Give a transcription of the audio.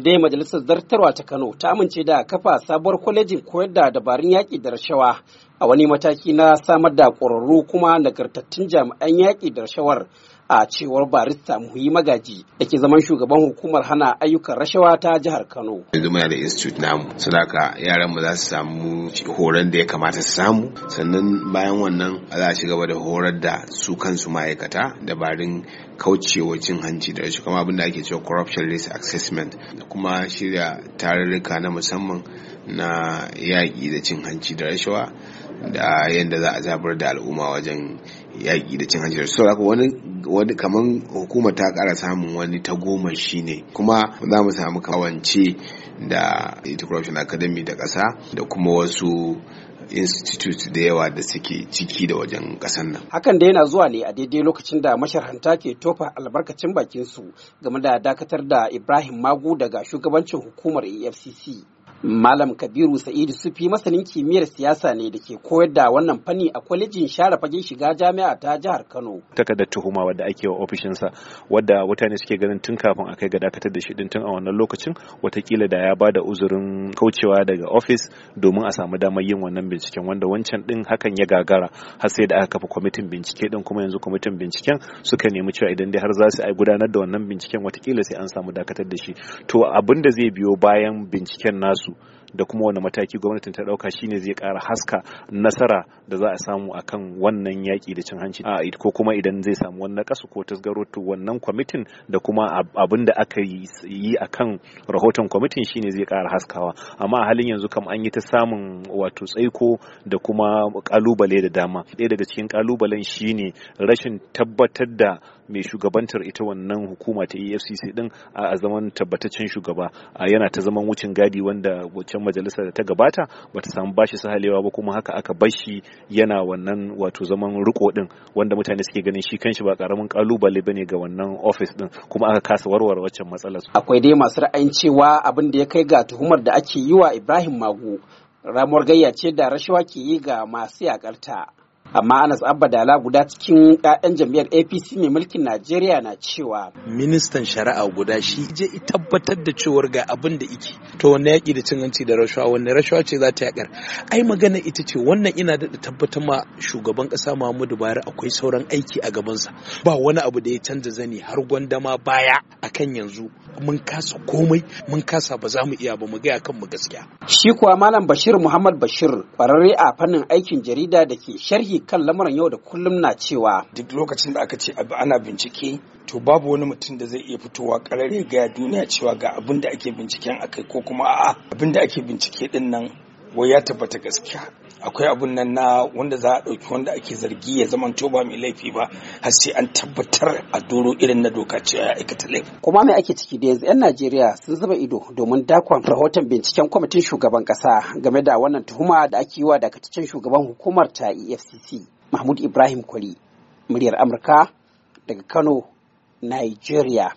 dai Majalisar Zartarwa ta Kano ta amince da kafa sabuwar kwalejin koyar da dabarun yaƙi da rashawa a wani mataki na samar da ƙwararru kuma nagartattun jami'an yaƙi da rashawar a cewar barista muhimmi magaji da ke zaman shugaban hukumar hana ayyukan rashawa ta jihar kano yanzu muna da institute namu sadaka yaran mu za su samu horon da ya kamata su samu sannan bayan wannan za a ci gaba da horar da su kansu ma'aikata dabarun kaucewa cin hanci da shi kuma abin da ake cewa corruption risk assessment da kuma shirya tarurruka na musamman na yaƙi da cin hanci da rashawa da yadda za a zabar da al'umma wajen yaƙi da cin hanci so haka wani wani kaman hukumar ta ƙara samun wani ta goma shine kuma za mu samu kawance da corruption academy da ƙasa da kuma wasu institute da yawa da suke ciki da wajen ƙasar nan. Hakan da yana zuwa ne a daidai lokacin da masharhanta ke tofa albarkacin su game da dakatar da Ibrahim Magu daga shugabancin hukumar afcc. Malam Kabiru Sa'idu Sufi masanin kimiyyar siyasa ne da ke koyar da wannan fanni a kwalejin share fagen shiga jami'a ta jihar Kano. da tuhuma wadda ake wa ofishinsa wadda mutane suke ganin tun kafin a kai ga dakatar da shi din tun a wannan lokacin watakila da ya bada uzurin kaucewa daga ofis domin a samu damar yin wannan binciken wanda wancan din hakan ya gagara har sai da aka kafa kwamitin bincike din kuma yanzu kwamitin binciken suka nemi cewa idan dai har za su gudanar da wannan binciken watakila sai an samu dakatar da shi to abin da zai biyo bayan binciken nasu da kuma wani mataki gwamnatin ta dauka shine zai kara haska nasara da za a samu akan wannan yaki da cin hanci ko kuma idan zai samu wannan kasu ko tasgaro to wannan kwamitin da kuma abin da aka yi akan rahoton kwamitin shine zai kara haskawa amma a halin yanzu kam an yi ta samun wato tsaiko da kuma kalubale da dama ɗaya daga cikin kalubalen shine rashin tabbatar da mai shugabantar ita wannan hukuma ta efcc din a zaman tabbataccen shugaba yana ta zaman wucin gadi wanda waccan majalisa da ta gabata bata samu bashi sahalewa ba kuma haka aka bashi yana wannan wato zaman riko din wanda mutane suke ganin shi kanshi ba karamin kalubale bane ga wannan office din kuma aka kasa warware waccan matsalar akwai dai masu ra'ayin cewa abin da ya kai ga tuhumar da ake yi wa Ibrahim mago ramuwar gayya ce da rashawa ke yi ga masu yakarta amma anas abba dala guda cikin 'ya'yan jam'iyyar apc mai mulkin najeriya na cewa ministan shari'a guda shi je tabbatar da cewar ga abin da iki to wanne yaƙi da cin hanci da rashawa wanne rashawa ce za ta yaƙar ai magana ita ce wannan ina daɗa tabbatar ma shugaban ƙasa muhammadu buhari akwai sauran aiki a gabansa ba wani abu da ya canza zani har gwandama baya Kan yanzu mun kasa komai mun kasa ba za mu iya ba mu gaya kan mu gaskiya shi kuwa malam bashir muhammad bashir kwararre a fannin aikin jarida da ke sharhi kan lamuran yau da kullum na cewa duk lokacin da aka ce ana bincike to babu wani mutum da zai iya fitowa kararre ga duniya cewa ga abin da ake binciken akai ko kuma a'a abin da ake bincike din nan wai ya tabbata gaskiya akwai abun nan na wanda za a ɗauki wanda ake zargi ya zama ba mai laifi ba har sai an tabbatar a doro irin na doka cewa ya aikata laifi. kuma mai ake ciki da yanzu 'yan najeriya sun zuba ido domin dakon rahoton binciken kwamitin shugaban ƙasa game da wannan tuhuma da ake yi wa dakataccen shugaban hukumar ta efcc mahmud ibrahim kwari muryar amurka daga kano nigeria